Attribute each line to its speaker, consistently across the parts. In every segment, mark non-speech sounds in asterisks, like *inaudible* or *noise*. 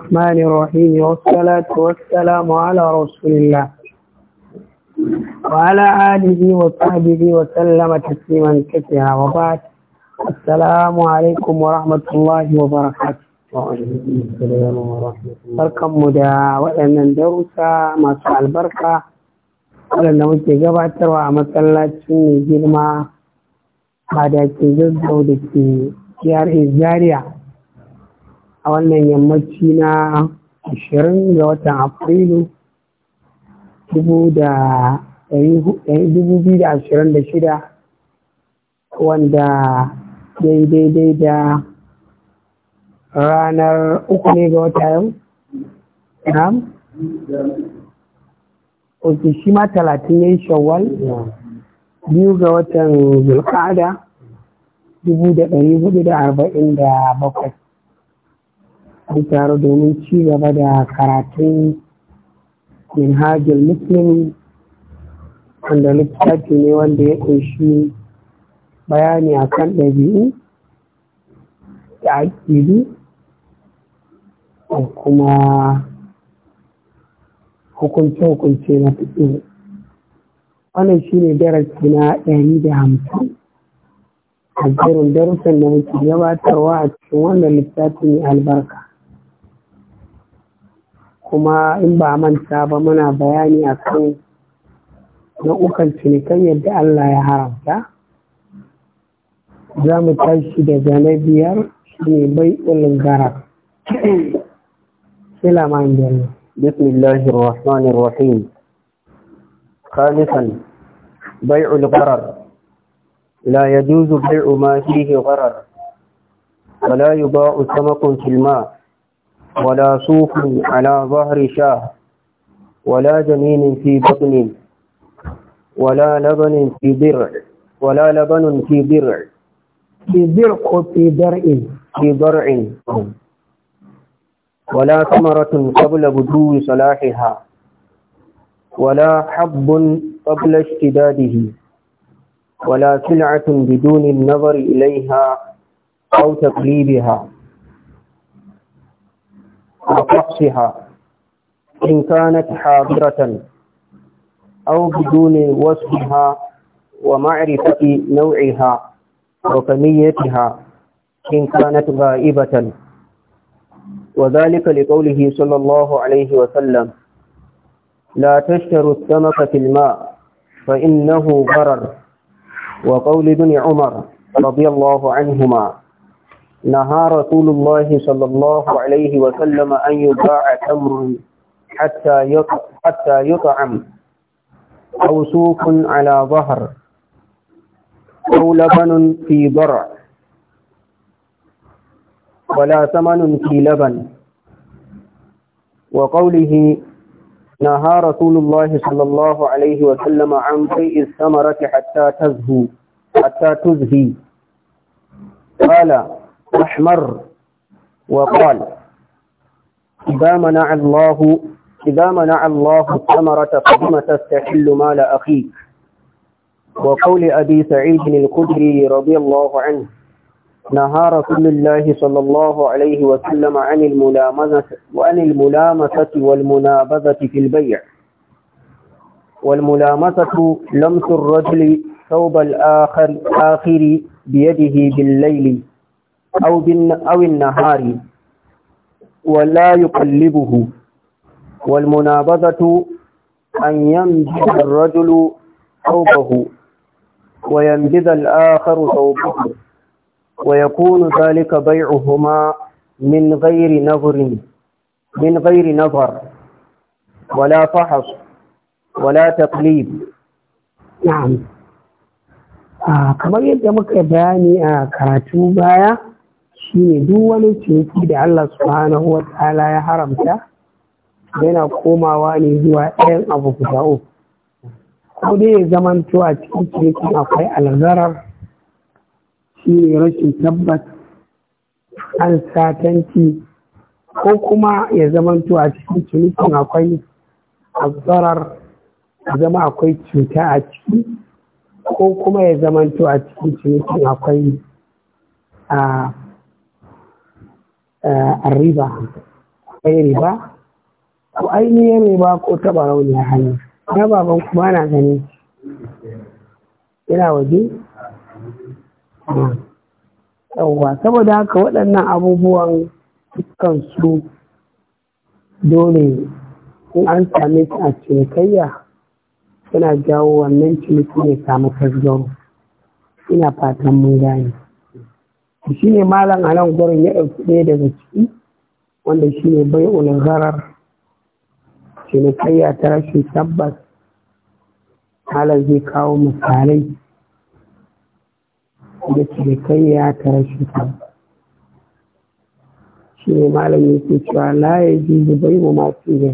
Speaker 1: الرحمن الرحيم والصلاة والسلام على رسول الله وعلى آله وصحبه وسلم تسليما كثيرا وبعد السلام عليكم ورحمة الله وبركاته barkan mu da waɗannan darussa masu albarka waɗanda muke gabatarwa a matsalacin mai girma ba da ke zazzau da ke jihar Zaria. a wannan yammaci na 20 ga watan afrilu 2026 wanda ya yi daidai da ranar uku ne ga wata yau? ram? Oke shi ma talatin ya yi shawwal biyu ga watan zulkada 1447 an taro domin ci gaba da karatun minhajul muslimi wanda littafi ne wanda ya ƙunshi bayani akan ɗabi'u da aƙidu da kuma hukunce-hukunce na fito wannan shi ne darasi na ɗari da hamsin a jerin darussan da muke gabatarwa a cikin wannan littafin albarka kuma in ba manta ba muna bayani akan nau'ukan cinikan yadda Allah ya haramta za mu tashi daga na biyar shine bai ulin gara
Speaker 2: sila ma in بسم الله الرحمن الرحيم خامسا Bai الغرر لا يجوز بيع ما فيه غرر ولا يباع سمك في الماء ولا صوف على ظهر شاه ولا جنين في بطن ولا لبن في درع ولا لبن في درع في درع في درع في درع ولا ثمرة قبل بدو صلاحها ولا حب قبل اشتداده ولا سلعة بدون النظر إليها أو تقليبها وفحصها إن كانت حاضرة أو بدون وصفها ومعرفة نوعها وكميتها إن كانت غائبة وذلك لقوله صلى الله عليه وسلم لا تشتروا السمك في الماء فإنه غرر وقول ابن عمر رضي الله عنهما نهى رسول الله صلى الله عليه وسلم أن يباع تمر حتى حتى يطعم أو سوق على ظهر أو لبن في ضرع ولا ثمن في لبن وقوله نهى رسول الله صلى الله عليه وسلم عن بيع الثمرة حتى تزهو حتى تزهي قال أحمر وقال إذا منع الله إذا منع الله الثمرة فلم تستحل مال أخيك وقول أبي سعيد الخدري رضي الله عنه نهى رسول الله صلى الله عليه وسلم عن الملامسة وعن الملامسة والمنابذة في البيع والملامسة لمس الرجل ثوب الآخر آخر بيده بالليل aw bin aw an-nahari wa la yuqallibuhu wal munabadatu an yanjiba ar-rajulu thawbahu wa yanjiba al-akharu thawbahu wa yakunu dhalika bay'uhuma min ghairi nadhrin min ghairi nadhar wa
Speaker 1: kamar yadda muka bani a karatu baya shine duk wani ciniki da Allah subhanahu wa ta'ala ya haramta yana komawa ne zuwa ɗayan abu guda uku ko dai ya zaman a cikin cinikin akwai alzarar shi ne rashin tabbas an satanci ko kuma ya zaman a cikin cinikin akwai alzarar zama akwai cuta a ciki ko kuma ya zaman a cikin cinikin akwai a ah, arriba akwai riba ko ainihin riba ko taɓa rauni a hannu na baban kuma na gani yana waje yawwa saboda haka waɗannan abubuwan dukkan su dole in an same su a cinikayya suna jawo wannan ciniki ya samu tasgaro ina fatan mun gane shi ne malam a nan gurin ya ɗauki ɗaya daga ciki wanda shi ne bai ne cinikayya ta rashin tabbas malam zai kawo misalai da cinikayya ta rashin tabbas shi ne malam yake cewa laye ji ji bai mu masu ne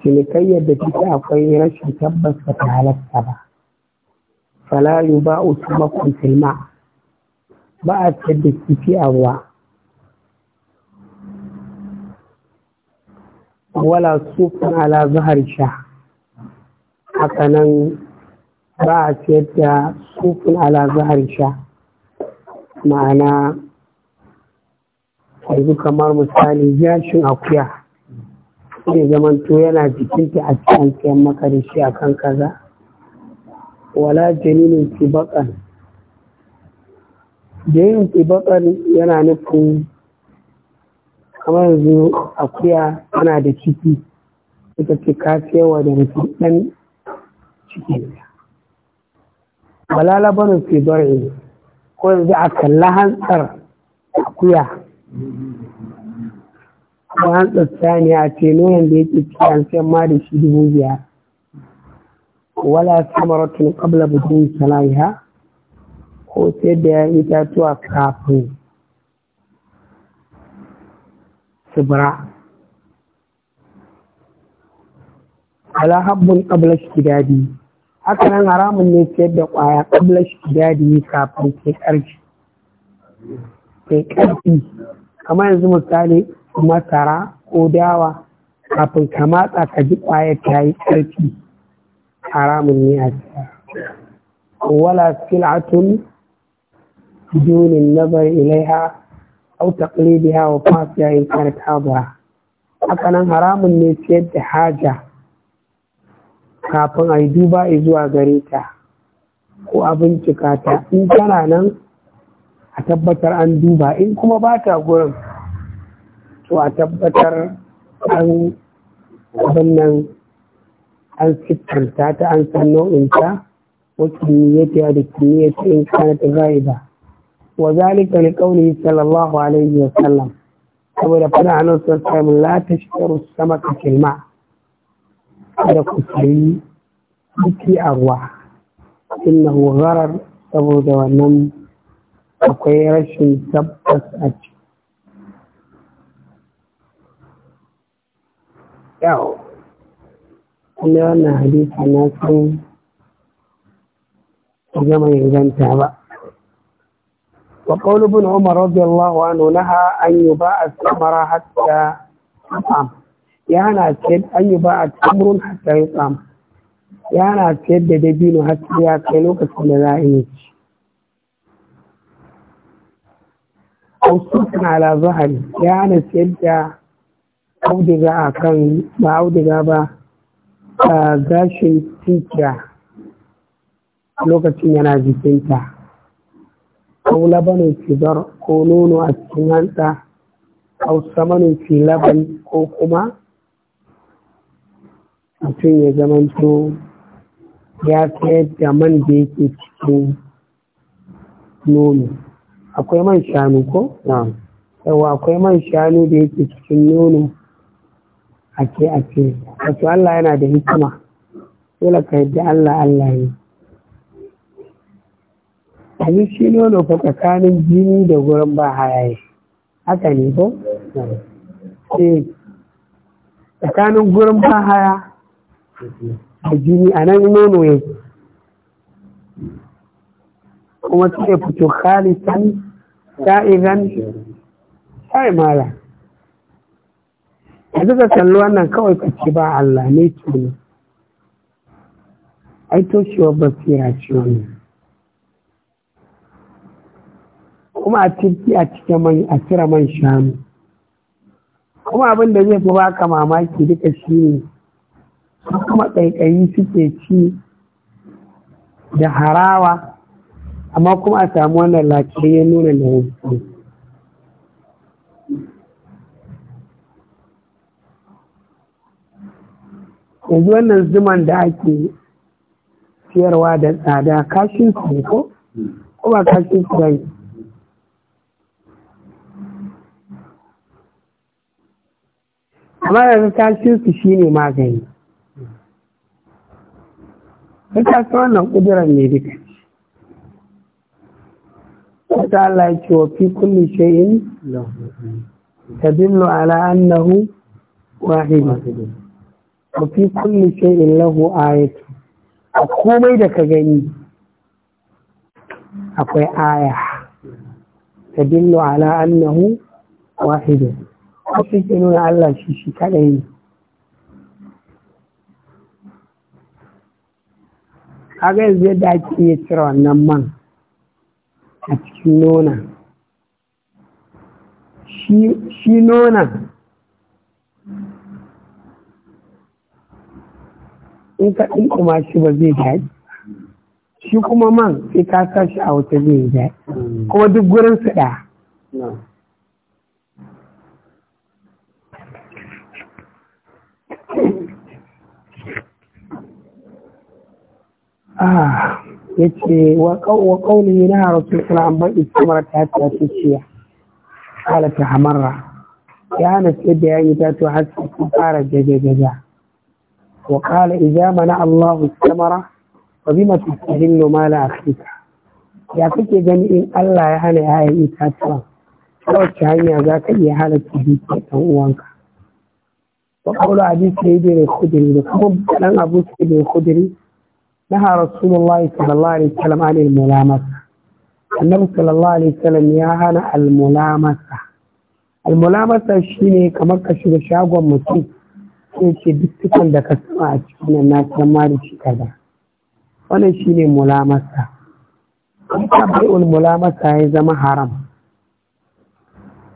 Speaker 1: cinikayyar da take akwai rashin tabbas ba ta halatta ba fala yuba'u tumakun filma ba a fitar da kifi a ruwa wala sufin ala zuhar sha haka nan ba a fitar da sufin ala zuhar sha ma'ana yanzu kamar misali jashin akuya ne zamanto yana jikinta a cikin makarishi a kan kaza wala janinin tibakan da yin yana nufin kamar yanzu akuya tana da ciki ita ce kasewa da mutum ɗan ciki wala labarin tsibarin ko yanzu a kalla hantsar akuya ko hantsar saniya ce noyan da yake ciki an ma da shi dubu biyar wala samaratun qabla bidun salahiha ko sayar da yi itatuwa kafin tsibira. alahabbin habbun shi gidadi haka nan haramun ne sayar da ƙwaya ƙabla shi dadi kafin ke ƙarfi. Ke ƙarfi, kamar yanzu misali masara ko dawa kafin ka matsa ka ji ƙwayar ta yi ƙarfi haramun ne a wala sil'atun بدون النظر إليها أو تقليدها وفاتها إن كانت حاضرة hakanan haramun ne siyar da haja kafin a yi duba zuwa gare ta ko a bincika ta in tana nan a tabbatar an duba in kuma ba ta gurin to a tabbatar an abin nan an siffanta ta an san nau'inta wa kimiyyata da kimiyyata in kana ta ba وذلك لقوله صلى الله عليه وسلم أبو لفنا عنه صلى الله عليه وسلم لا تشعر السمك في الماء هذا كسري بكي أرواح إنه غرر أبو دوانم أقيرش سبس أجل Yau, wanda wannan hadisa na sun zama yanzanta ba. وقول ابن عمر رضي الله عنه نهى أن يباع الثمر حتى يطعم يعني أكيد أن يباع الثمر حتى يطعم يعني أكيد دبينه حتى يأكلوا كسل ذائج أو سكن على ظهر يعني أكيد auduga a kan ba auduga ba a gashin tinkiya lokacin yana jikinta ko labanin kibar ko nono a cikin hanta ko samanin ki laban ko kuma mutum ya zamanto ya sayar da man da yake cikin nono akwai man shanu ko? yawa akwai man shanu da yake cikin nono ake ake wato Allah yana da hikima dole ka yadda Allah Allah ne abin shi nono ko tsakanin jini da gurin ba hayaye haka ne ko? Eh, tsakanin gurin ba haya da jini a nan nono ya kuma suke fito khalitan sha'iran sha'i mara a ka kalli wannan kawai ka ce ba Allah ne tuni ai toshewar basira ce ne kuma a tirki a cikin man a cire man shanu kuma abin da zai fi baka mamaki duka shi ne kuma ƙaiƙayi suke ci da harawa amma kuma a samu wannan ya nuna da hutu yanzu wannan zuman da ake siyarwa da tsada kashin su ko kuma kashin su amma yanzu tasirinsu shi ne magani don tasiri wannan ƙudurar ne duka wata Allah ya ce wa fi kulli shay'in dillo ala annahu hu wa fi kulli shay'in lahu ayatu a komai da ka gani akwai aya tadillu ala annahu wahid wasu ke nuna Allah shi shi kaɗai ne kaga yanzu yadda ake iya cire wannan man a cikin nona shi nona in ka kuma shi ba zai daji. shi kuma man sai ka sa shi a wata zai daji. Hmm. kuma duk gurin su ɗaya ah yace wa ne na an sallallahu isi mara ta ta ce ala ta hamarra ya hana ce da yayi ta to har ta fara jaje jaja wa kala idza mana allah samara fa bima tastahillu mala akhika ya kake gani in Allah ya hana ya yi itatuwa ta wacce hanya za ka iya halatta ta ɗan uwanka wa qawlu abi sayyid al kudiri da kuma dan abu sayyid al kudiri. نهى رسول الله صلى الله عليه وسلم عن الملامسة النبي صلى الله عليه وسلم يا هنا الملامسة الملامسة شيني كما كشغل شاغو متي sai ce duk دا كسماء ka الناس لما رشي nan وانا san ملامسة da shi kaza wannan shine mulamasa ta bai'ul mulamasa ya zama haram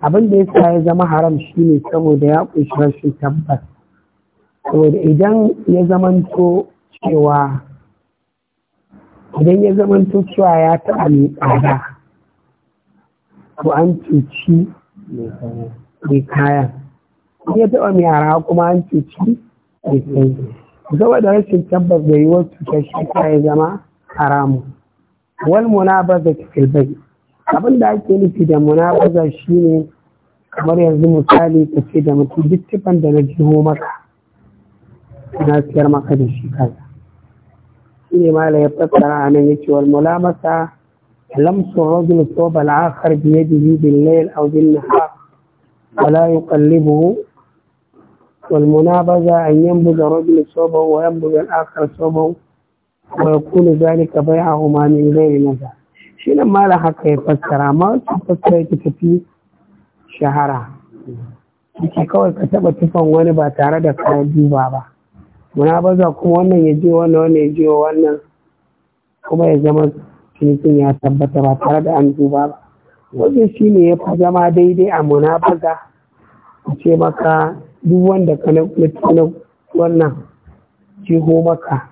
Speaker 1: abin da ya zama haram shine saboda ya kunshi rashin tabbas saboda idan ya zamanto cewa idan ya zama cewa ya taɓa mai tsada ko an cuci mai kaya ya taɓa mai yara kuma an cuci mai Zama da rashin tabbas da yiwuwar cutar shi ya zama haramu wal munabaza fil bayt abin da ake nufi da munabaza shine kamar yanzu misali ka ce da mutum duk tifan da na jiho maka na siyar maka da shi kaza shine la ya fassara anan yake wal mulamasa lamsu rajul thawb al akhar bi yadihi bil layl aw bil nahar wa la yuqallibuhu wal munabaza an yanbuza rajul thawbahu wa yanbuza al akhar thawbahu wa yakunu dhalika bay'ahuma min ghayri nafa. shi nan la haka ya fassara amma su fassara ki tafi shahara yake kawai ka taba tufan wani ba tare da kayan duba ba muna baza kuma wannan ya je wannan wannan ya je wannan kuma ya zama cikin ya tabbata ba tare da an duba ba wajen shi ne ya fi zama daidai a muna baza a ce maka duk wanda ka na wannan jiho maka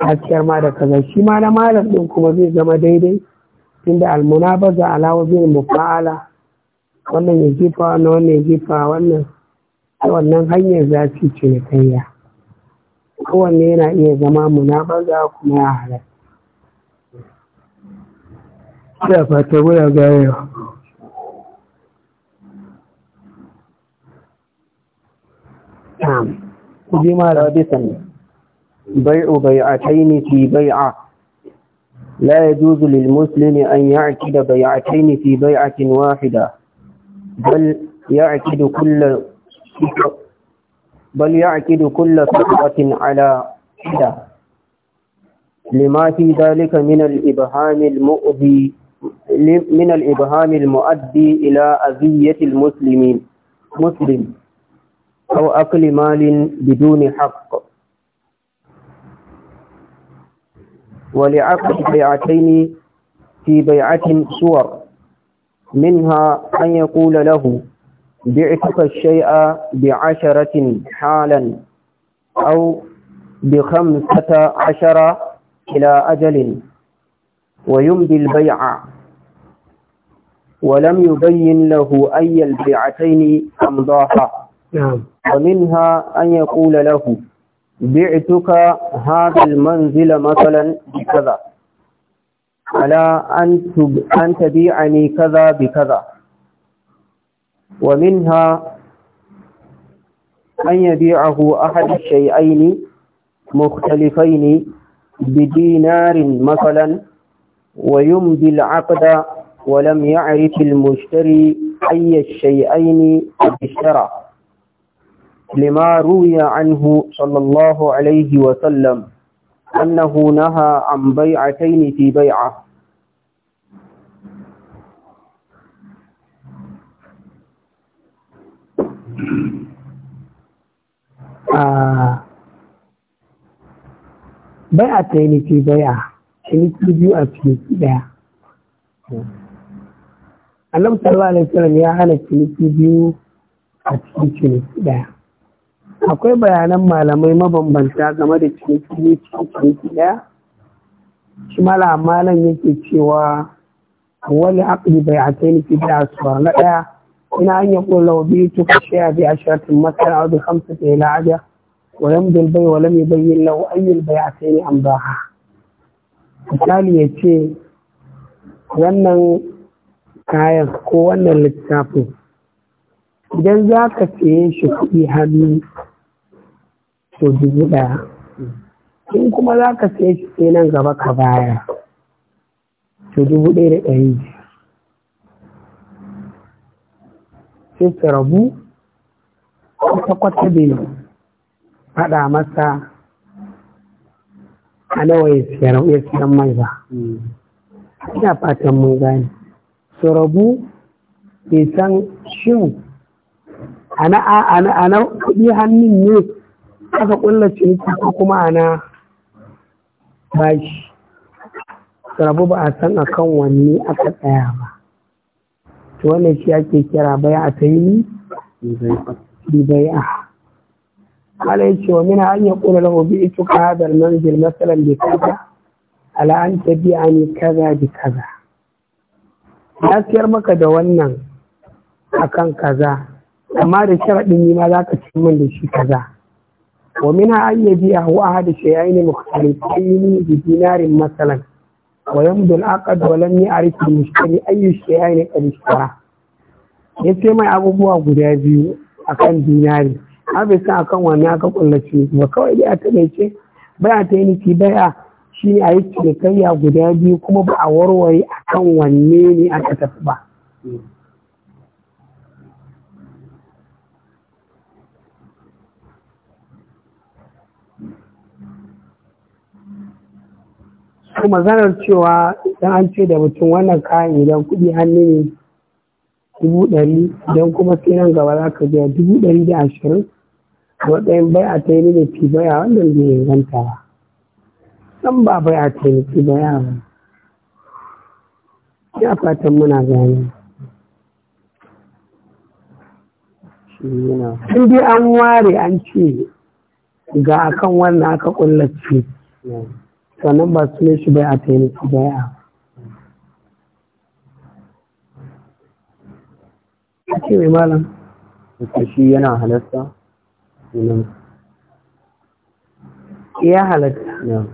Speaker 1: a hasiyar ma da kaza shi ma na malam ɗin kuma zai zama daidai inda almuna baza alawa zai mufa'ala wannan ya jefa wannan wannan ya jefa wannan a wannan hanyar za su ce cinikayya kowanne yana iya zama munafaza kuma ya halatta da fata muna ganewa
Speaker 2: ku ji ma rabisan bai'u bai'ataini fi bai'a لا يجوز للمسلم أن يعقد بيعتين wahida, بيعة ya aiki da kullum. بل يعقد كل صفحة على حدة لما في ذلك من الإبهام المؤذي من الإبهام المؤدي إلى أذية المسلمين مسلم أو أكل مال بدون حق ولعقد بيعتين في بيعة صور منها أن يقول له بعتق الشيء بعشرة حالا أو بخمسة عشر إلى أجل ويمضي البيع ولم يبين له أي البيعتين أمضاها نعم. ومنها أن يقول له بعتك هذا المنزل مثلا بكذا على أن تبيعني كذا بكذا ومنها أن يبيعه أحد الشيئين مختلفين بدينار مثلا ويمضي العقد ولم يعرف المشتري أي الشيئين اشترى لما روي عنه صلى الله عليه وسلم أنه نهى عن بيعتين في بيعة
Speaker 1: bai a ta yi bai a ciniki biyu a ciniki ɗaya annabi sallallahu alaihi wasallam ya hana ciniki biyu a cikin ciniki ɗaya akwai bayanan malamai mabambanta game da ciniki biyu cikin ciniki ɗaya shi malam malam yake cewa wani aqli bai a ta yi na ɗaya من أن يقول لو بيتك الشيء بعشرة مثلا أو بخمسة إلى عشرة ويمضي البيع ولم يبين له أي البيعتين أم باعها misali ya ce wannan kayan ko wannan littafin idan za ka siye shi kuɗi hannu to dubu ɗaya in kuma za ka siye shi sai nan gaba ka baya to dubu ɗaya da ɗari sai su rabu kwata da bai faɗa masa a nawa ya siyan mai ba ina fatan mun gane su rabu bai san shin ana kuɗi hannun ne aka ƙulla ciniki ko kuma ana bashi su rabu ba a san akan wanne aka tsaya ba wannan shi ake kira bai a ta yi ni bai a ya ce wa mina an yaqulu lahu bi ka hadar nan jil masalan da kaza ala biya ne kaza da kaza na siyar maka da wannan akan kaza amma da sharaɗin ni ma za ka ci min da shi kaza wa mina an yabi'ahu ahadu shay'ain mukhtalifain da dinarin masalan ويمضي العقد ولم يعرف المشتري أي شيئين قد اشترى yace mai abubuwa guda biyu akan dinari har bai san akan wani aka kullace ba kawai dai a taɓaice baya ta yi niki baya shi a yi cinikayya guda biyu kuma ba a warware akan wanne ne aka tafi ba kuma maganar cewa idan an ce da mutum wannan kayan idan kuɗi hannu ne dubu ɗari idan kuma sai nan gaba za ka biya dubu ɗari da ashirin a matsayin bai ta yi ne fi bai'a wannan bai inganta ba san ba bai ta yi fi baya ba ya fatan muna gani
Speaker 3: in
Speaker 1: dai an ware an ce ga akan wannan aka kullace sannan ba su ne shi bai a su bai
Speaker 2: a ce mai malam shi yana halatta
Speaker 1: ya halatta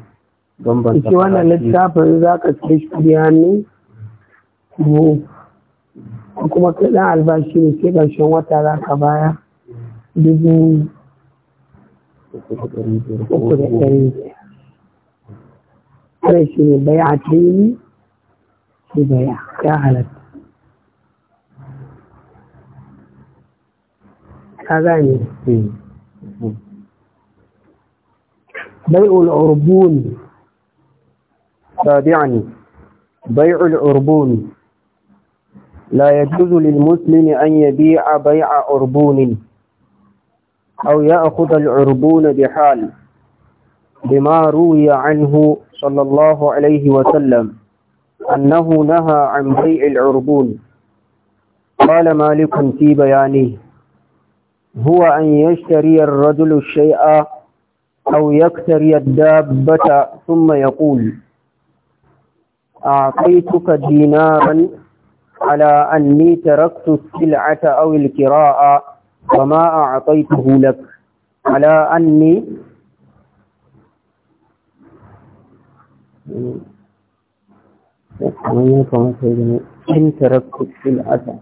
Speaker 2: bambanta wannan littafin
Speaker 1: za ka ce shi kudi hannu ko kuma kai dan albashi ne sai ƙarshen wata za ka baya dubu
Speaker 3: uku da ɗari biyar
Speaker 1: قريش من بيعة ديني ببيعة كاهلت أغاني بيع
Speaker 2: العربون تابعني بيع العربون لا يجوز للمسلم أن يبيع بيع عربون أو يأخذ العربون بحال بما روي عنه صلى الله عليه وسلم أنه نهى عن بيع العربون قال مالك في بيانه هو أن يشتري الرجل الشيء أو يكتري الدابة ثم يقول أعطيتك دينارا على أني تركت السلعة أو الكراء وما أعطيته لك على أني إن تركت الأذى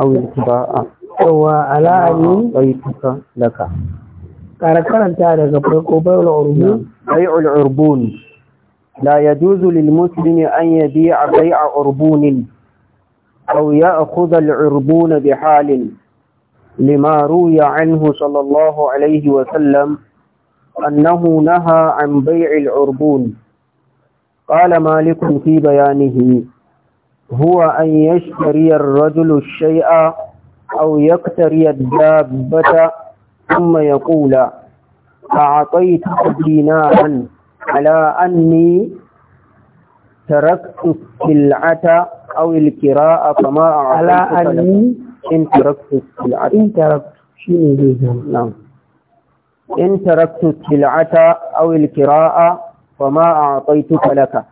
Speaker 2: أو الاتباع هو
Speaker 1: على أن بيتك لك
Speaker 2: كاركرن تعالى قبرك بيع العربون بيع العربون لا يجوز للمسلم أن يبيع بيع عربون أو يأخذ العربون بحال لما روي عنه صلى الله عليه وسلم أنه نهى عن بيع العربون قال مالك في بيانه هو أن يشتري الرجل الشيء أو يقتري الدابة ثم يقول أعطيت دينارا على أني تركت السلعة أو الكراء فما أعطيت على أني إن تركت السلعة إن تركت شيء نعم in taraktu til'ata aw al-qira'a fa ma a'taytuka laka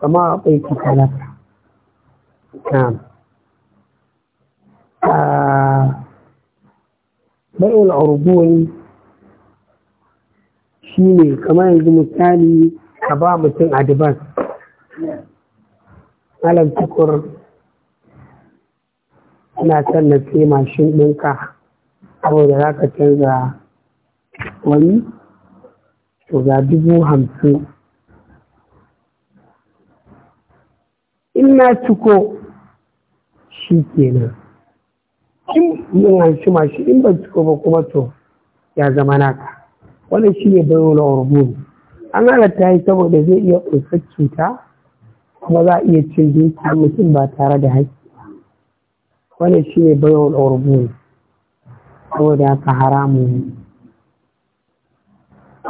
Speaker 2: fa ma a'taytuka laka
Speaker 1: na'am bai'ul urbuwi shine kamar yanzu misali ka ba mutum advance malam tukur ina son na sai mashin ɗinka saboda za ka canza wani to ga dubu hamsin in ciko shi kenan in yin hanshi mashi in ban ciko ba kuma to ya zama naka Wani shi ne bayo na orbu an halatta yi saboda zai iya ƙunsar cuta kuma za a iya cin dinki mutum ba tare da haƙƙi ba shi ne bayo na orbu saboda haka haramun ne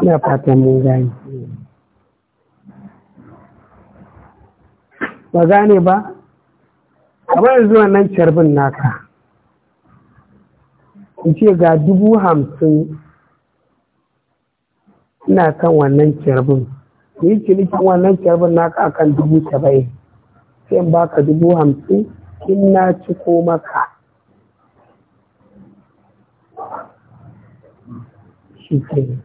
Speaker 1: ina fatan mun gane ba gane ba kamar yanzu wannan carbin naka in ce ga dubu hamsin ina kan wannan carbin da yi cinikin wannan carbin naka akan dubu saba'in sai in baka dubu hamsin in na ciko maka shi kenan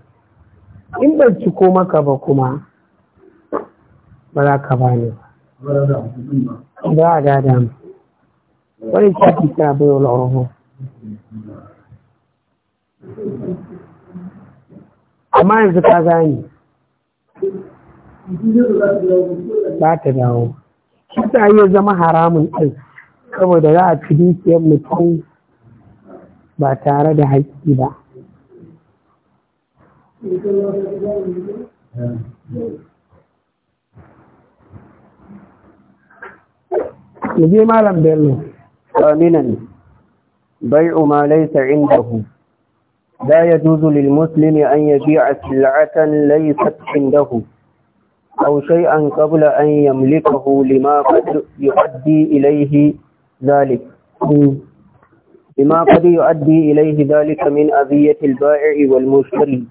Speaker 1: in ban ciko maka ba kuma ba za ka bani
Speaker 3: ba
Speaker 1: ba a dada mu wani shafi kira bai wani orho amma yanzu ka gani ba ta dawo shi ta yi zama haramun ɗai saboda za a ci dukiyar mutum ba tare da haƙƙi ba mu ما لم
Speaker 2: بيع ما ليس عنده لا يجوز للمسلم أن يبيع سلعة ليست عنده أو شيئا قبل أن يملكه لما قد يؤدي إليه ذلك لما قد يؤدي إليه ذلك من أذية البائع والمشتري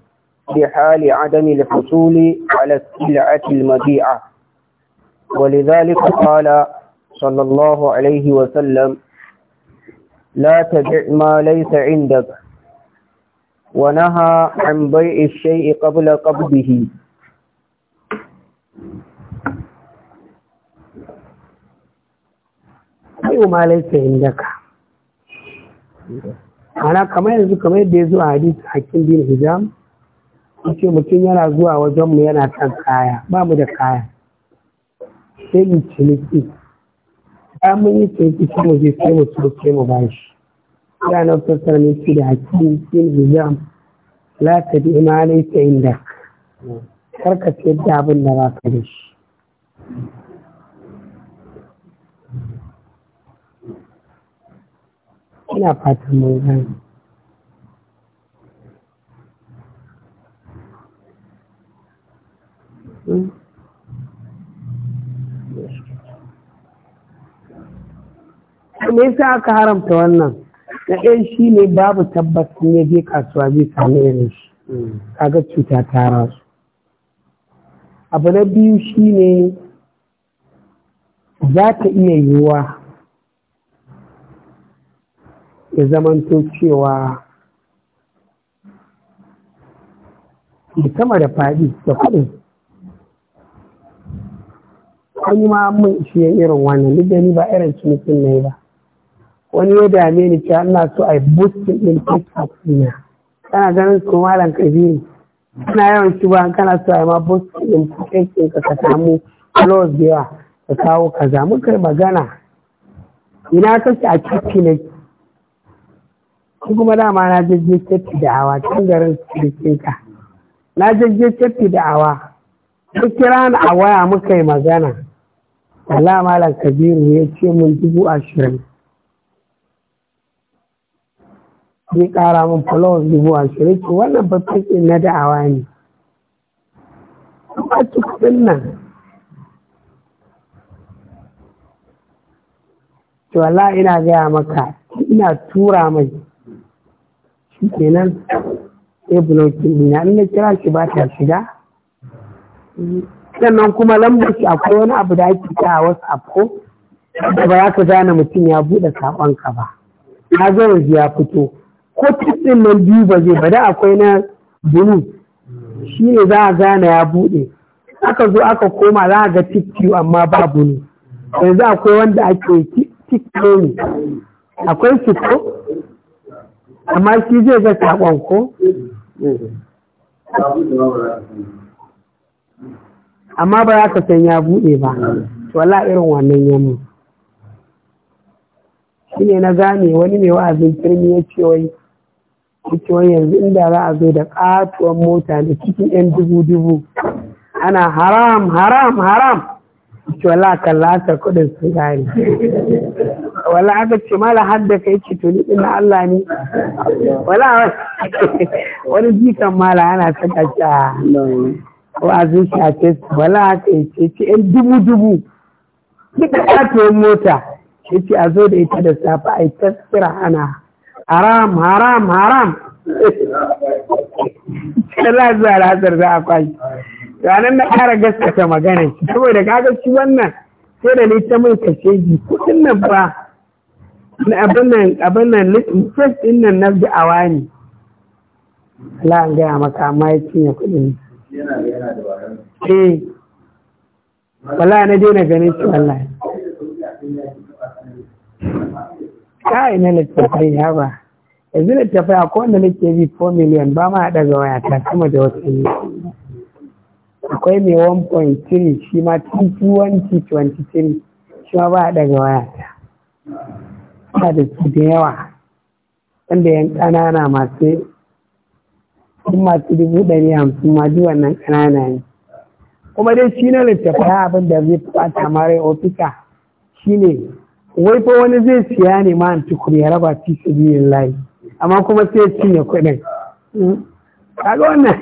Speaker 2: بحال عدم الحصول على السلعة المبيعة ولذلك قال صلى الله عليه وسلم لا تبع ما ليس عندك ونهى عن بيع الشيء قبل قبضه
Speaker 1: ما ليس عندك انا كمان كمان ديزو عادي حكيم دين a ce mutum yana zuwa wajenmu yana kan kaya ba mu da kaya sai yi ciniki ya mun yi ciniki sai mu je sai mu so sai mu bashi ya na fasar ne da hakim bin hijam la ta bi ma laysa indak kar ka ce da abin da ba ka da shi ina fatan mun gane Hmm? me yasa aka haramta wannan na ɗan shi ne babu tabbas ya je kasuwa zai samu irin shi hmm. kaga cuta ta rasu abu na biyu shi ne za ta iya yiwuwa ya zamanto cewa sama da faɗi da kuɗin wani ma mun shi irin wannan duk da ni ba irin cinikin na ba wani ya dame ni cewa ina so a yi boosting ɗin tiktok ɗina kana ganin su malam ne. kana yawan shi ba kana so a yi ma bustin ɗin tiktok ka ka samu followers da yawa ka kawo kaza muka magana ina ka kake a kifi na kuma dama na jirgin kifi da hawa can garin cikin ka na jirgin kifi da hawa duk kira a waya muka yi magana Allah Malam Kabiru ya ce mun dubu ashirin. Zai ƙara mun followers dubu ashirin ce wannan babban na da'awa ne. Kuma kuɗin nan. To wala ina gaya maka ina tura mai. Shi kenan sai bulokin ina in na kira shi ba ta shiga. sannan kuma lambar shi akwai wani abu da ake ta wasu afko da ba za ka gane mutum ya buɗe saƙon ka ba na zo yanzu ya fito ko titin nan biyu ba zai bada akwai na bulu shi ne za a gane ya buɗe aka zo aka koma za a ga tikki amma ba bulu yanzu akwai wanda ake tikko ne akwai fito
Speaker 4: amma shi zai ga saƙon
Speaker 1: ko amma ba za ka san ya buɗe ba wala irin wannan yamma shi ne na gane wani mai wa'azin firmi ya ce wai ce wai yanzu inda za a zo da ƙatuwan mota da cikin yan dubu dubu ana haram haram haram ce wala kallata kuɗin sun gane wala aka ce mala hadda kai ce to ni ina Allah ne wala wani jikan mala ana saka ta wa'azin shi a ce bala haka ya ce ce yan dubu dubu kika katuwar mota ya ce a zo da ita da safe a yi tasira ana haram haram haram kala a ratsar za a kwashi ranar na ƙara gaskata magana shi saboda kaga shi wannan sai da ni ta mai kashe ji kudin nan ba na abin nan abin nan din nan na bi awani. Allah an gaya maka amma ya cinye kudin
Speaker 3: eh wallahi na daina ganin shi wallahi
Speaker 1: kai na littattafai ya ba yanzu littattafai a kowanne nake bi 4 miliyan ba ma daga waya ta kuma da wasu yi akwai mai 1.3 shi ma 2023 shi ma ba daga waya ta ba da su da yawa wanda yan ƙanana masu sun masu dubu ɗari hamsin ma duk wannan ƙanana ne kuma dai shi na littafa abin da zai fi ɓata mara ya ofisa shi ne wai fa wani zai siya ne ma an tukuri ya raba fi sabilin layi amma kuma sai ya cinye kuɗin kaga wannan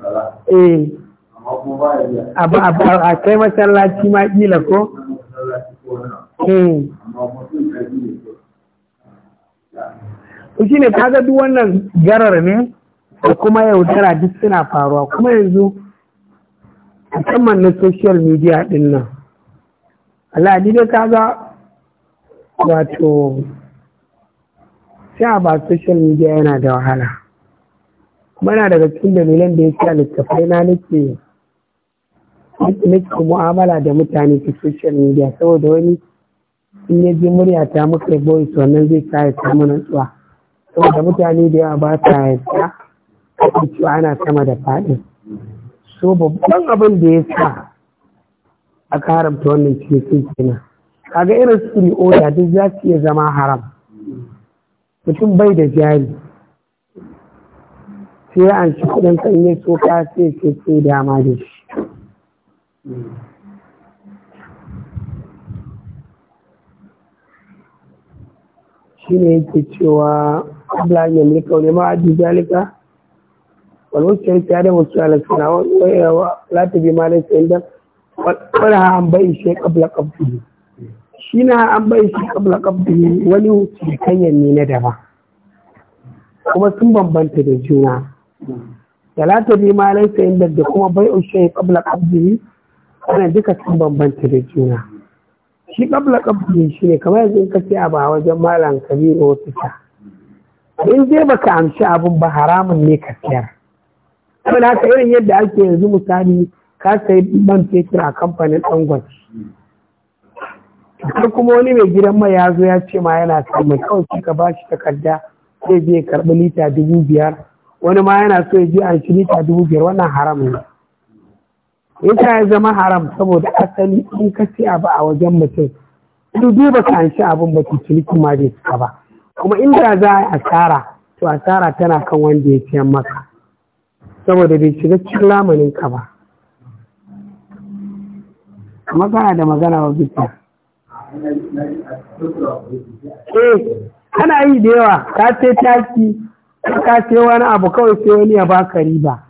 Speaker 3: *laughs* eh eh a kai masallaci ma kila ko Eh.
Speaker 1: shi ne kaga duk wannan garar ne da kuma yaudara duk suna faruwa kuma yanzu musamman na social media din nan aladi da kaga wato sai a ba social media yana da wahala kuma yana daga cikin dalilan da ya sa littafai na nake nake mu'amala da mutane ta social media saboda wani in ya ji murya ta muka voice wannan zai kare samu mana tsuwa saboda mutane da yawa ba ta yarda cewa ana sama da faɗin so babban abin da ya sa aka haramta wannan cikin kenan kaga irin su ne oda duk za su iya zama haram mutum bai da jari sai an shi kudin kan yi so ka sai ce dama da shi shi ne yake cewa abla ya mulka wani ma'aji jalika walwacce ya da wasu alasana la lati bi malin sayin da wani ha an bai shi kabla kabdi shi na an bai shi kabla kabdi wani cikanyan ne na daba kuma sun bambanta da juna da lati ta bi malin sayin da kuma bai ushe kabla kabdi ana duka sun bambanta da juna shi kabla kabli shi ne kamar yanzu in ka ce abu a wajen malam kabiru wata ta in dai baka amshi abin ba haramun ne ka siyar saboda haka irin yadda ake yanzu misali ka sayi man fetur a kamfanin dangote har kuma wani mai gidan mai ya zo ya ce ma yana son mai kawai suka ba shi takarda zai je karɓi lita dubu biyar wani ma yana so ya je an shi lita dubu biyar wannan haramun ne yasa ya zama haram saboda asali in ka ci abu a wajen mutum in duba ka an ci abin ba ciniki ma bai cika ba kuma inda za a asara to asara tana kan wanda ya ciyan maka saboda bai shiga cikin lamanin ka ba magana da magana wa bisa eh ana yi da yawa ka ce taki ka ce wani abu kawai sai wani ya baka riba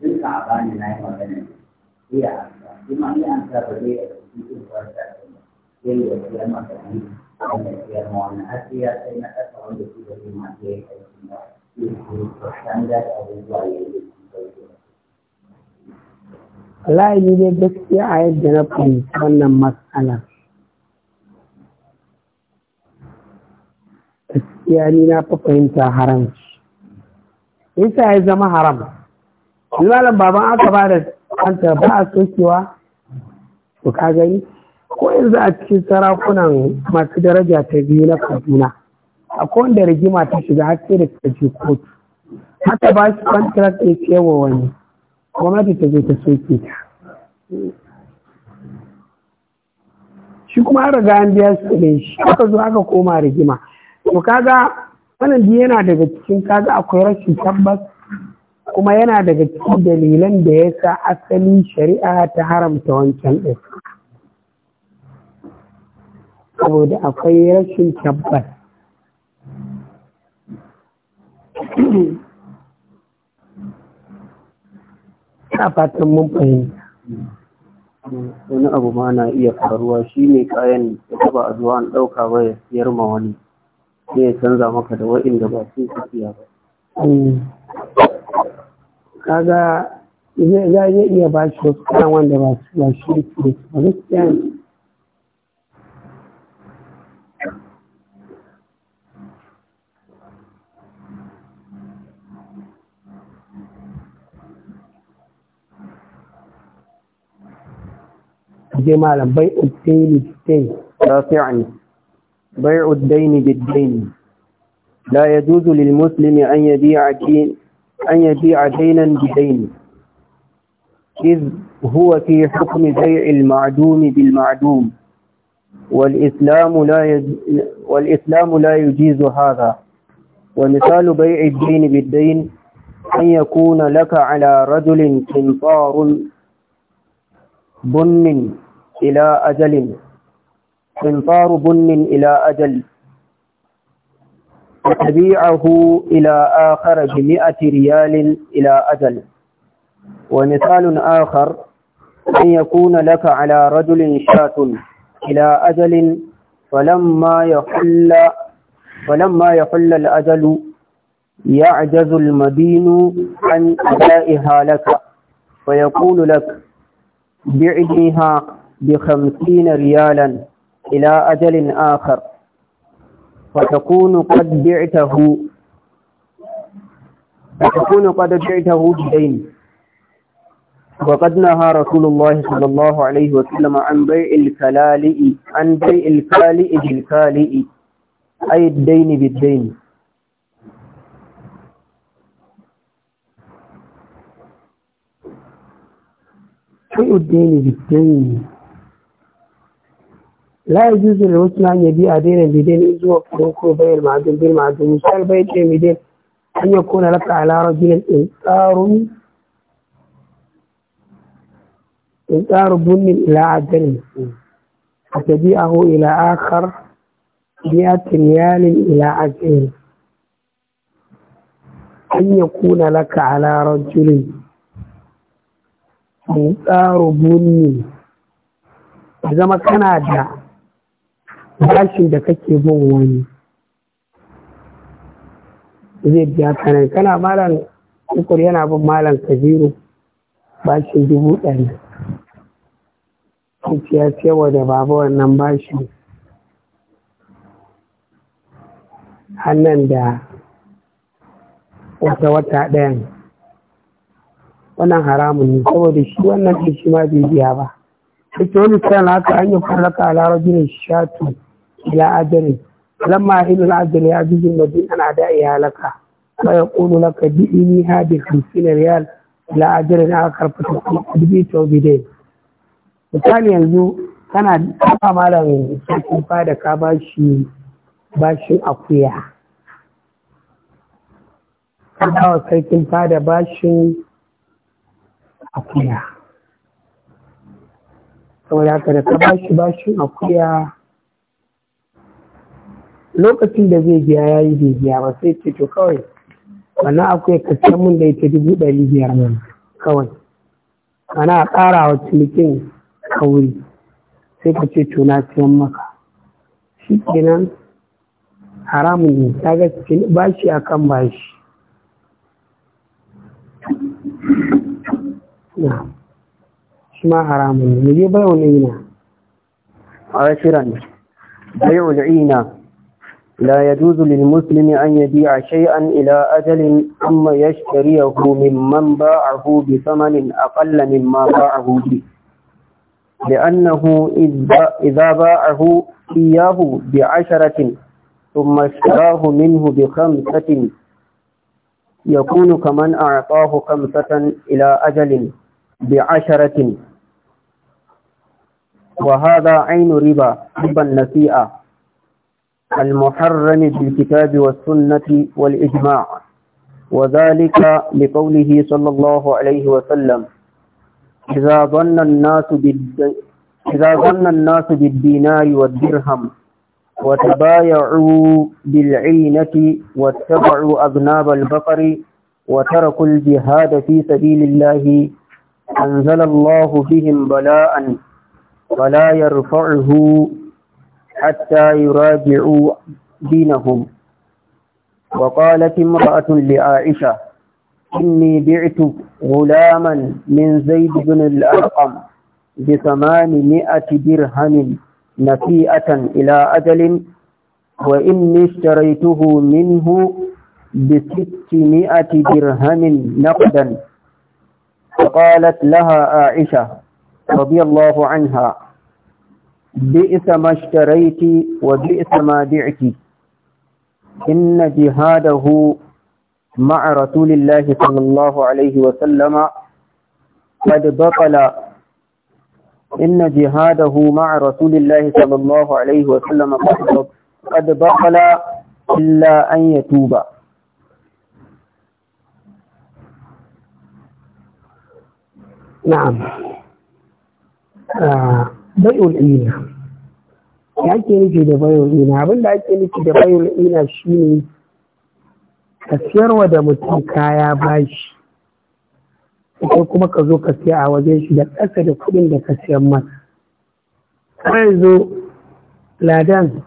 Speaker 3: duk sabani na yi magana sai a amsa kuma ni an sa ba zai a cikin wata sai ya siyar masa ni wanda siyar ma wannan har sai ya sai na ƙasa wanda shi ba zai ma sai ya kai shi ba sai ya canza da abubuwa ya yi
Speaker 1: Allah ni dai gaskiya a yadda na fahimci wannan matsalar gaskiya ni na fi fahimta haramci. Isa ya zama haram. malam baban aka ba da kanta ba a sokewa su ka gani ko yanzu a cikin sarakunan masu daraja ta biyu na kaduna akwai wanda rigima ta shiga har da ta kotu haka ba shi contract ya ce wa wani gwamnati ta zo ta soke ta shi kuma an riga an biya su ne shi aka zo aka koma rigima to kaga wannan yana daga cikin kaga akwai rashin tabbas kuma yana daga cikin dalilan da ya sa asalin shari'a ta haramta wancan ɗin saboda akwai rashin tabbas ta fatan mun fahimta
Speaker 2: wani abu ma na iya faruwa shi ne kayan da taba a zuwa an ɗauka ba ya siyar ma wani ne ya canza maka da da ba su tafiya ba
Speaker 1: mm. kaga za a iya ba shi wasu kan wanda ba su ba shi ke kristiyan je
Speaker 2: malam bai uddaini biddaini rafi'an bai uddaini biddaini لا يجوز للمسلم أن يبيع دين أن يبيع دينا بدين إذ هو في حكم بيع المعدوم بالمعدوم والإسلام لا يج... والإسلام لا يجيز هذا ومثال بيع الدين بالدين أن يكون لك على رجل قنطار بن إلى أجل قنطار بن إلى أجل وتبيعه إلى آخر بمئة ريال إلى أجل ومثال آخر أن يكون لك على رجل شاة إلى أجل فلما يحل فلما يحل الأجل يعجز المدين عن أدائها لك فيقول لك بعدها بخمسين ريالا إلى أجل آخر فتكون قد بعته فتكون قد بعته بدين وقد نهى رسول الله صلى الله عليه وسلم عن بيع الكلالئ عن بيع الكالئ بالكالئ أي الدين بالدين شيء الدين بالدين
Speaker 1: لا يجوز للمسلم أن يبيع دينا بدين إذ هو فروق بيع المعدوم بالمعدوم مثال بيع أن يكون لك على رجل إنصار إنصار بن إلى عدل فتبيعه إلى آخر مئة ريال إلى عدل أن يكون لك على رجل إنصار بن إذا ما كان أدعى bashin da kake bin wani zai biya kanan kana malam kukur yana bin malam kabiru bashin dubu ɗari kuci ya cewa da babu wannan bashin hannun da wata wata ɗayan wannan haramun ne saboda shi wannan shi ma bai biya ba. Ita wani tsayin haka an yi farraka a larabin shatu ila ajali lamma hilu al-ajali ya bi madin ana da iyalaka fa yaqulu laka bi'ini hadi 50 riyal ila ajali na karfata kuma kudi to bidai yanzu kana kafa malam sarkin fada ka bashi bashin akuya ka bawa sarkin fada bashin akuya saboda da ka bashi bashin akuya lokacin da zai biya ya yi bai biya ba sai ce to kawai wannan akwai kasar mun da ita dubu ɗari biyar nan kawai wani a ƙara wa cinikin kauri sai ka ce to na siyan maka shi kenan haramun ne ta ga bashi a kan bashi na shi ma haramun ne mu je bai
Speaker 2: wani ina a rashiran bai wani ina la ya juzu lil muslimi an yabi'a shay'an ila ajalin amma yashtariyahu mimman ba'ahu bi thamanin aqalla mimma ba'ahu bi li'annahu idha ba'ahu iyyahu bi 'asharatin thumma ashtarahu minhu bi khamsatin yakunu kaman a'tahu khamsatan ila ajalin bi 'asharatin wa hadha 'ainu riba ban an-nasi'a المحرم بالكتاب والسنة والإجماع وذلك لقوله صلى الله عليه وسلم إذا ظن الناس بالد... إذا ظن الناس بالدينار والدرهم وتبايعوا بالعينة واتبعوا أذناب البقر وتركوا الجهاد في سبيل الله أنزل الله بهم بلاء فلا يرفعه حتى يراجعوا دينهم وقالت امرأة لعائشة إني بعت غلاما من زيد بن الأرقم بثمانمائة درهم نفيئة إلى أجل وإني اشتريته منه بستمائة درهم نقدا فقالت لها عائشة رضي الله عنها بئس ما اشتريت وبئس ما بعت إن جهاده مع رسول الله صلى الله عليه وسلم قد بطل إن جهاده مع رسول الله صلى الله عليه وسلم قد بطل إلا أن يتوب نعم
Speaker 1: آه. bai'ul ina ya ke nufi da bai'ul ina abinda ake nufi da bai'ul ina shine ka siyarwa da mutum kaya bashi ko kuma ka zo ka siya a wajen shi da ƙasa da kuɗin da ka siyan masa kawai zo ladan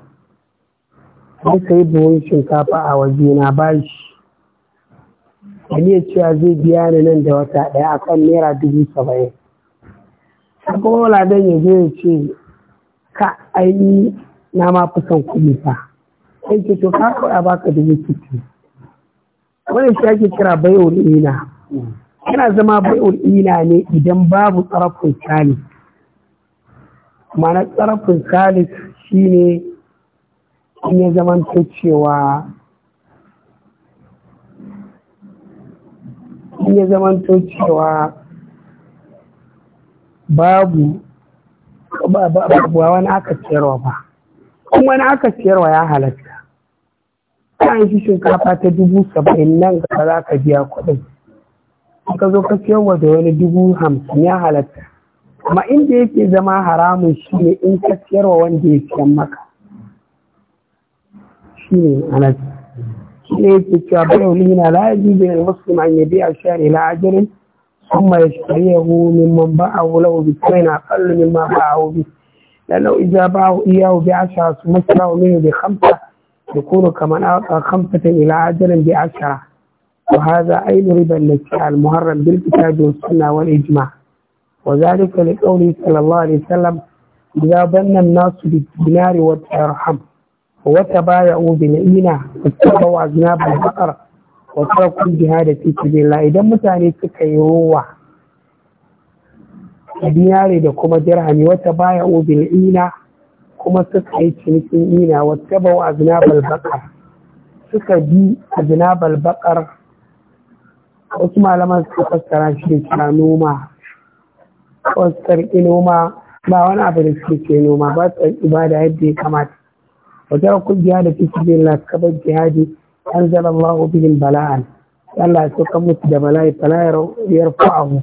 Speaker 1: sai ka yi buhun shinkafa a waje na bashi Ali ya cewa zai biya ni nan da wata ɗaya akan naira dubu saba'in sai kuma ladan ya je ya ce ka ai na ma fi son kuɗi fa sai ke to ka kawai a baka dubu sittin wani shi ake kira bayul ina yana zama bayul ina ne idan babu tsarafin salis ma'ana tsarafin salis shine in ya zama cewa in ya zama cewa babu ba wani aka siyarwa ba kuma wani aka siyarwa ya halatta ta yi shinkafa ta dubu saba'in nan gaba za ka biya kuɗin ka zo ka siyarwa da wani dubu hamsin ya halatta amma inda yake zama haramun shi ne in ka siyarwa wanda ya siyan maka shi ne halatta shi ne yake cewa bayan lina la yaji bin muslim an yabi a shari'a la'ajirin? ثم يشتريه ممن باعه له بثمن أقل مما باعه به لأنه إذا باعه إياه بعشرة ثم اشتراه منه بخمسة يكون كمن أعطى خمسة إلى عجل بعشرة وهذا عين ربا النساء المهرم بالكتاب والسنة والإجماع وذلك لقوله صلى الله عليه وسلم إذا بنى الناس بالدينار والدرهم وتبايعوا بنئينا واتبعوا أجناب البقرة Wata wa da titi fi la, idan mutane suka yi rowa biyare da kuma dirhami wata baya obin ina kuma suka yi cinikin ina wata bau zinabal bakar suka bi a zinabal bakar wasu malaman suka fassara shi da kira noma wasu sarki noma ba wani abu da suke ke noma ba su da yadda ya kamata wajen kun da fi sabilillah suka bar jihadi أنزل الله بهم بلاء الله يتقم بلاء فلا يرفعه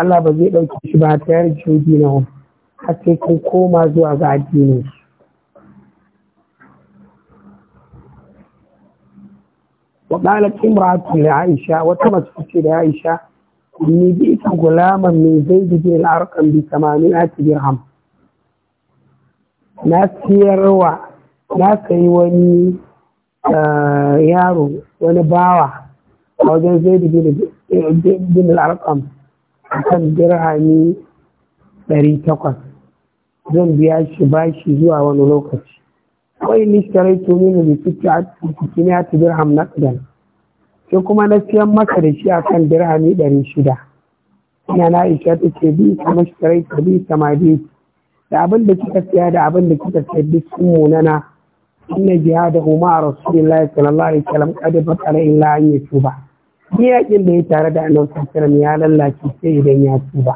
Speaker 1: الله بزيد لو تشبهت يرجو دينهم حتى يكون كوما زوا قاعد وقالت امرأة لعائشة وتمت في لعائشة إني بئت غلاما من زيد بن الأرقم بثمانين درهم ناس هي روى ناس هي yaro wani bawa a wajen zai bin al'arƙam a kan dirhami 800 zan biya shi bashi zuwa wani lokaci kawai nishtarai tumini da suke a cikin ya ci birham na ƙadan sai kuma na siyan maka da shi a kan dirhami 600 ina na isa ta ce bi ta mashtarai ta bi ta da abin da kika siya da abin da kika siya duk sun munana inna jihadahu ma rasulillahi sallallahu alaihi wasallam qad batala illa an yatuba yakin da ya tare da annabi sallallahu ya lallace sai idan ya tuba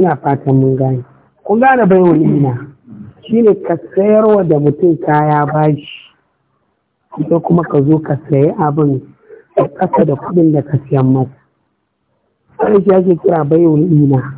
Speaker 1: ina fatan mun gane kun gane baiwar ina shine ka sayarwa da mutum kaya bashi ita kuma ka zo ka sayi abin a ƙasa da kuɗin da ka siyan masa. Sai shi ake kira baiwar ina.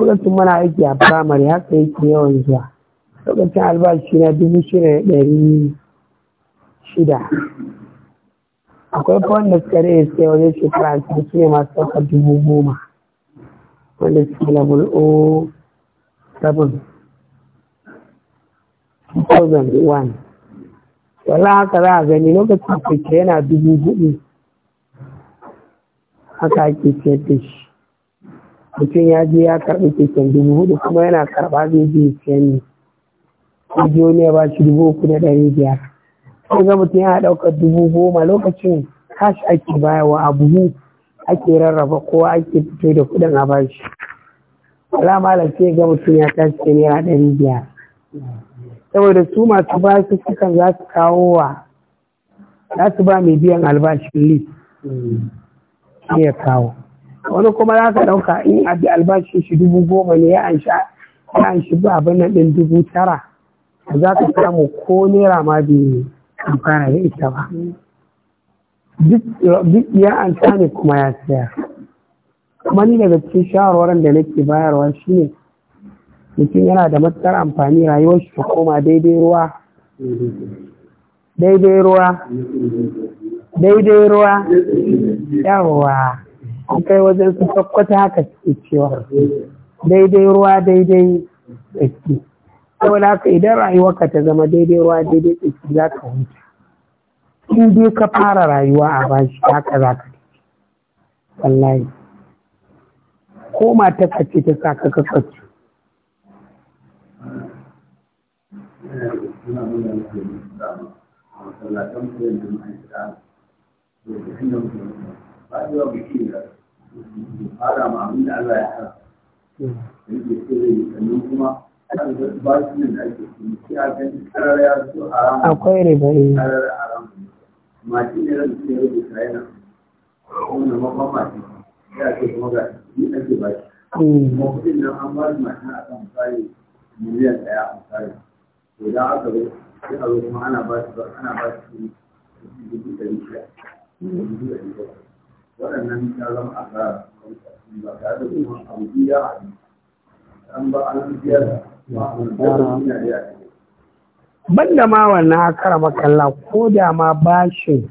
Speaker 1: lokacin mana aiki a firamare haka yake yawan zuwa lokacin albashi na dubu shida da ɗari shida akwai fawon da suka rage sai wajen shekara a cikin su ne masu ɗaukar dubu goma wanda suke level o seven 2001 wala haka za a gani lokacin fice yana dubu hudu haka ake ce da shi mutum ya je ya karbi keken dubu hudu kuma yana karɓa zai je siyan ne ya wani ya ba dubu uku na ɗari biyar sai ga mutum yana ɗaukar dubu goma lokacin kashi ake bayarwa a buhu ake rarraba kowa ake fito da kuɗin a bashi wala malam sai ga mutum ya tashi ne a ɗari biyar saboda su masu su sukan za su kawo wa za su ba mai biyan albashin lis ya kawo wani kuma za ka ɗauka in abi albashin shi dubu goma ne ya anshi ya shi ba abin nan ɗin dubu tara za ka samu ko naira ma bai amfana da ita ba duk ya ansa ne kuma ya saya. kuma ni daga cikin shawarwaran da nake bayarwa shine mutum yana da matsar amfani rayuwar shi ta koma daidai ruwa daidai ruwa daidai ruwa yawa an kai wajen su tabbata haka suke cewa daidai ruwa daidai tsaki saboda haka idan rayuwa ka ta zama daidai ruwa daidai tsaki za ka huta in dai ka fara rayuwa a bashi haka za ka tafi wallahi ko ta ka ta sa ka kakkaci
Speaker 3: Thank you. fara ma abin da Allah ya hana yake so zai yi sannan kuma ba shi da ake cikin shi a
Speaker 1: kan karar ya so haram akwai riba yi eh. karar haram ma shi ne ce cikin rubuta yana
Speaker 3: wannan mafan mace ya ce kuma ga shi ake ba shi eh. kuma kuɗin nan an ba shi mashin a kan misali miliyan ɗaya a misali to da aka zo sai a zo kuma ana ba shi ana ba shi dubu ɗari shida dubu ɗari bakwai waɗannan ya zama a ga ba da kuma abu biya a an ba an biyar ba a da
Speaker 1: banda ma wannan kara makalla ko da ma bashin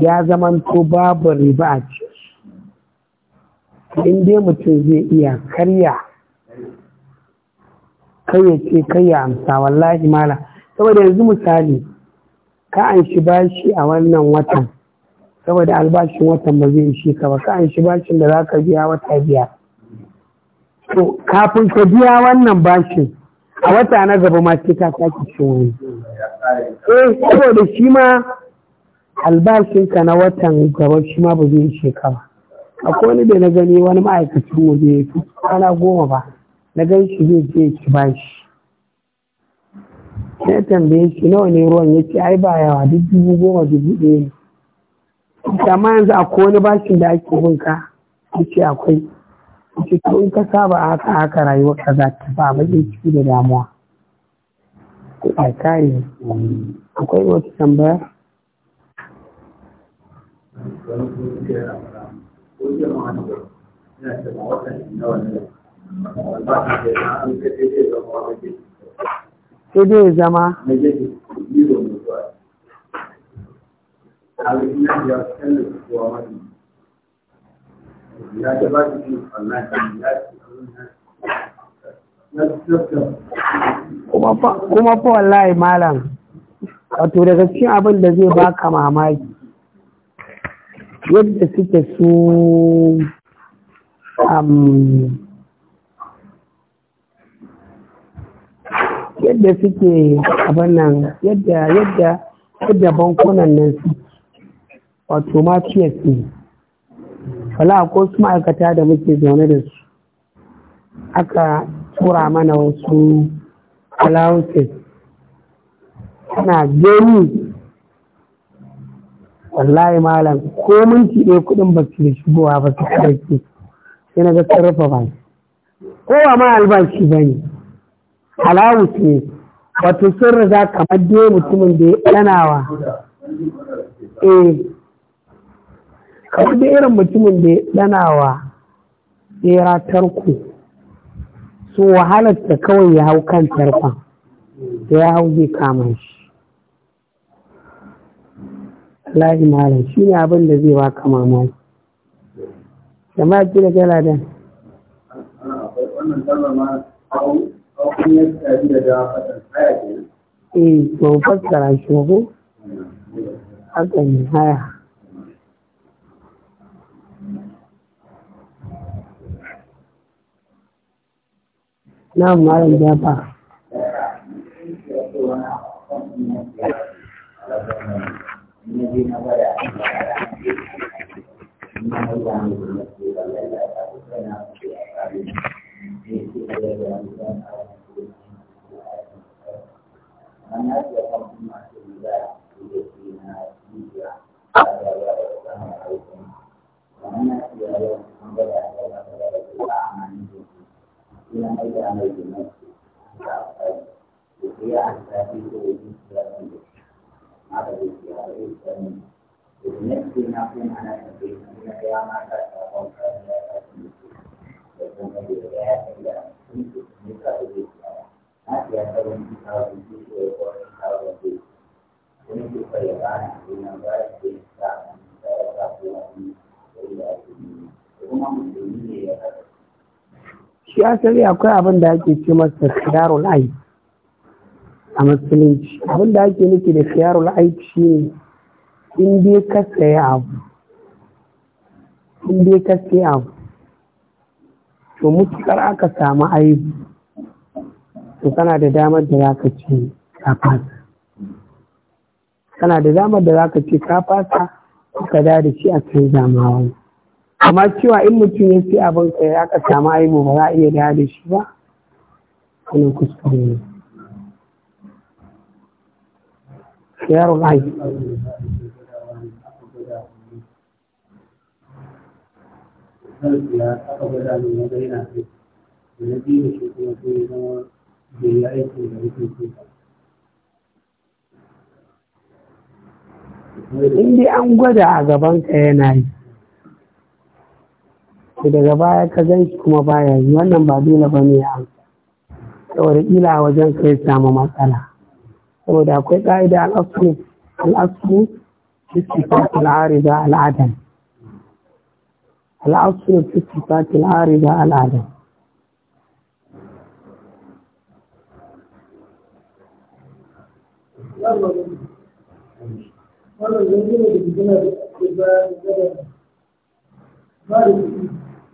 Speaker 1: ya zamanto babu riba a ciki in dai mutum zai iya karya kai ya ce kai ya amsa wallahi mala saboda yanzu misali ka an shi bashi a wannan watan saboda albashin watan ba zai ishe ka ba ka shi bashin da za ka biya wata biya to kafin ka biya wannan bashin a wata na gaba ma sai ka sake cin wani
Speaker 3: eh saboda shi ma
Speaker 1: albashin ka na watan gaba shi ma ba zai ishe ka ba akwai wani da na gani wani ma'aikacin waje ya fi kwana goma ba na gan shi zai je ki bashi na tambaye shi nawa ne ruwan ya ce ai ba yawa duk dubu goma dubu ɗaya ne amma yanzu akwai wani bashin da ake a ce akwai ce to in ka saba haka haka rayuwar ka za ta ba baƙin ciki da damuwa ko a kare akwai wata tambaya sai dai zama kuma fa kuma fa wallahi malam wato daga cikin abin da zai baka mamaki yadda suke su yadda suke abin nan yadda yadda yadda bankunan nan suke wato ma PSA e. wala ko su ma'aikata da muke zaune da su aka tura mana wasu allowances ana gani wallahi malam ko minti ɗaya kuɗin ba su da shigowa ba su karfe sai na ga sarrafa ba kowa ma albashi ba ne alawus ne wato sun riga kamar dai mutumin da ya ɗanawa eh Kawai da irin mutumin da ya ɗanawa tsera tarko su wahalarta kawai ya hau kan tarkon da ya hau zai kama shi Allah malam shi ne abin da zai baka mamaki jama'a ki da gala da Eh, mu fassara shi ko? Hakan haya. na malam jafa
Speaker 3: Thank you. Ini juga ya di
Speaker 1: shi asali akwai abin da ake ce masa khiyarul aib a musulunci abin da ake nufi da khiyarul shi shine in dai ka saya abu in dai ka saya abu to mutukar aka samu aiki to kana da damar da za ka ce ka fasa kana da damar da za ka ce ka fasa ka da shi a canza zamawa amma cewa in mutum ya ce abin ka ya ka samu aibu ba za a iya dawo da shi ba wannan kuskure ne yaron aiki in dai an gwada a gaban ka yana yi daga baya ka gan shi kuma baya yi wannan ba dole ba ne ya saboda kila a wajen kai samu matsala saboda akwai ƙa'ida al'asru al'asru istifatul arida al'adam al'asru istifatul
Speaker 3: da
Speaker 4: ba da da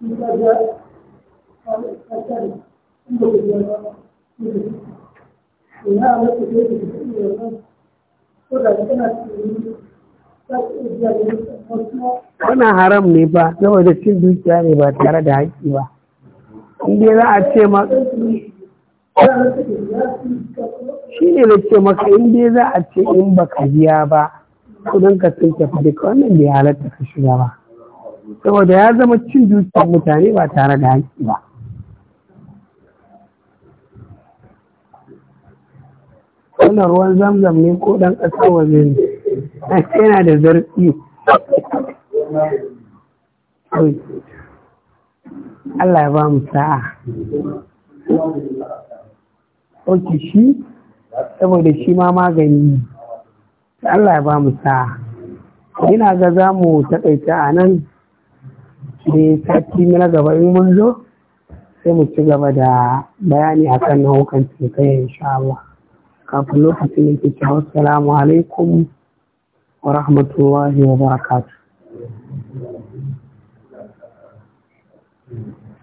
Speaker 4: wannan
Speaker 1: haram ne ba yau cin dukiya ne ba tare da haƙƙi ba Inde za a ce ma shi ne na ce maka inde za a ce in baka biya ba kudin ka sun tafi duka wannan bai halatta ka shiga ba saboda ya zama cin dukiyar mutane ba tare da haƙƙi ba wannan ruwan zamzam ne ko ɗan ƙasar waje ne *laughs* yana da zarfi Allah ya ba mu sa'a ɗauki shi saboda shi ma magani Allah ya ba mu sa'a ina ga za mu taƙaita a nan sai sati na gaba in mun zo sai mu ci gaba da bayani akan nau'ukan ya insha Allah kafin lokacin yake cewa assalamu alaikum wa rahmatullahi wa barakatuh